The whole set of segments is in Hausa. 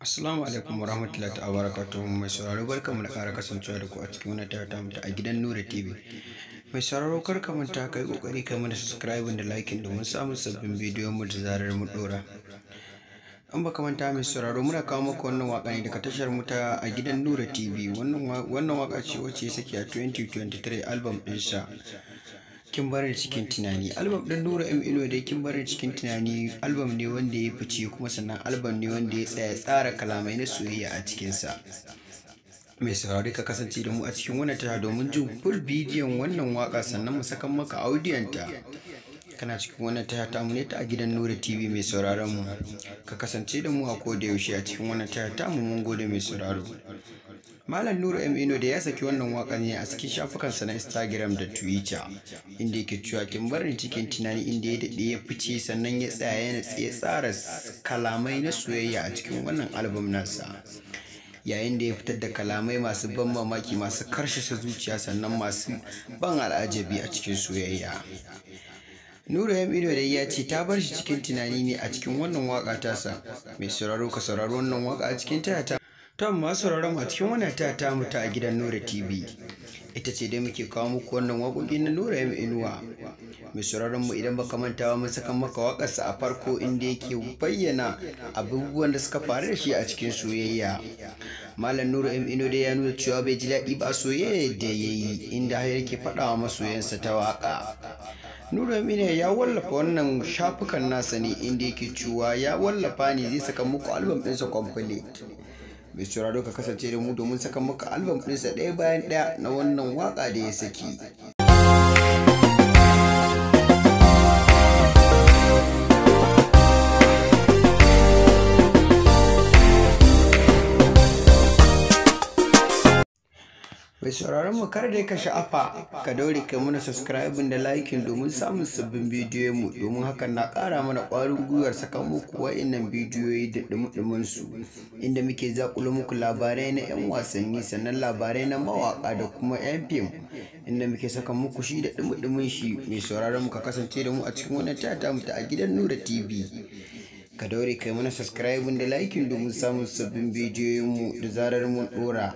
Assalamu alaikum warahmatullahi ta'ala barakatuhu mai sauraro barkamu da ƙara kasancewa da ku a cikin wannan tattaunawa ta a gidan Nura TV. Mai sauraro kar ka manta kai kokari kai mana subscribe da liking domin samun sabbin bidiyo mu da zarar mu dora. An baka manta mai sauraro muna kawo maka wannan waka ne daga tashar mu ta a gidan Nura TV. Wannan wannan waka ce wacce ya a 2023 album ɗinsa. kin barin cikin tunani album din nura m ilo da kin barin cikin tunani album ne wanda ya fice kuma sannan album ne wanda ya tsaya tsara kalamai na soyayya a cikinsa mai saurari ka kasance da mu a cikin wannan tara domin jin full bidiyon wannan waka sannan mu sakan maka audiyonta kana cikin wannan taya ta mu ne ta a gidan nura tv mai sauraron mu ka kasance da mu a koda yaushe a cikin wannan taya ta mu mun gode mai sauraro Malam Nura M. Ino da ya saki wannan waka ne a cikin shafukansa na Instagram da Twitter inda yake cewa kin bar cikin tunani inda ya daɗe ya fice sannan ya tsaya yana tsaye tsara kalamai na soyayya a cikin wannan album nasa. Yayin da ya fitar da kalamai masu ban mamaki masu karshe karshashe zuciya sannan masu ban al'ajabi a cikin soyayya. Nuru M da ya ce ta bar shi cikin tunani ne a cikin wannan waka tasa. Mai sauraro ka sauraro wannan waka a cikin taya Tom masu sauraron a cikin wani ta ta mutu a gidan Nura TV. Ita ce dai muke kawo muku wannan waƙoƙi na Nura M Inuwa. Mai sauraron mu idan baka mantawa mun saka maka waƙarsa a farko inda yake bayyana abubuwan da suka faru da shi a cikin soyayya. Malam Nura M Ino dai ya nuna cewa bai ji daɗi ba soyayya da ya yi inda har yake faɗawa masoyansa ta waƙa. Nura Ino ya wallafa wannan shafukan nasa ne inda yake cewa ya wallafa ne zai saka muku albam ɗinsa complete. mai sauraro ka kasance da mu domin saka maka albam ɗinsa ɗaya bayan ɗaya na wannan waka da ya saki mai sauraron mu kar dai ka sha'afa ka daure kai mana subscribe da liking domin samun sabbin bidiyoyin mu domin hakan na kara mana kwarin gwiwar saka muku wa'innan bidiyoyi da dumudumin su inda muke zakulo muku labarai na 'yan wasanni sannan labarai na mawaka da kuma 'yan fim inda muke saka muku shi da dumudumin shi mai sauraron mu ka kasance da mu a cikin wannan tata mu a gidan Nura TV ka daure kai mana subscribe da liking domin samun sabbin bidiyoyinmu da zarar mun dora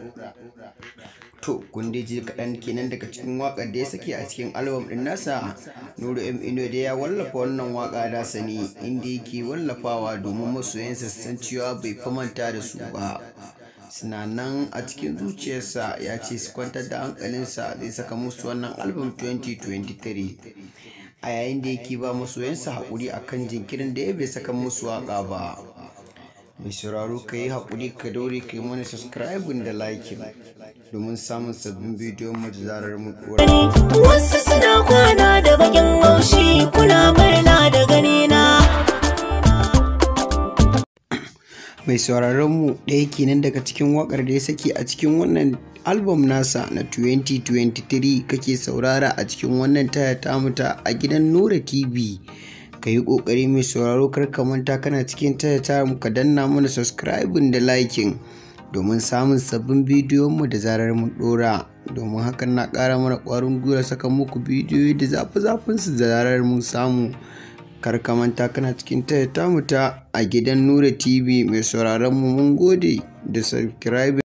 To, kun ji kaɗan kenan daga cikin waƙar da ya sake a cikin albam ɗin nasa, Nuru M Ino da ya wallafa wannan waƙa da sani inda yake wallafawa domin masoyansa san cewa bai fi manta da su ba. Suna nan a cikin zuciyarsa ya ce su kwantar da hankalinsa zai saka musu wannan albam 2023. A yayin da yake ba masoyansa haƙuri akan jinkirin da ya bai saka musu waƙa ba. mai sauraro ka yi haƙuri ka daure ka yi mana subscribing da like domin samun sabbin bidiyon mu zarar mu dora wasu suna kwana da bakin haushi kuna barna da gani na mai sauraron mu ɗaya kenan daga cikin wakar da ya saki a cikin wannan album nasa na 2023 kake saurara a cikin wannan taya muta a gidan Nura TV ka yi ƙoƙari mai sauraro kar ka manta kana cikin taya ta mu ka danna mana subscribing da liking domin samun sabbin bidiyonmu da zarar mun ɗora domin hakan na ƙara mana ƙwarin gwiwa saka muku bidiyoyi da zafi-zafin su da zarar mun samu kar ka manta kana cikin taya mu ta a gidan Nura TV mai sauraron mu mun gode da subscribing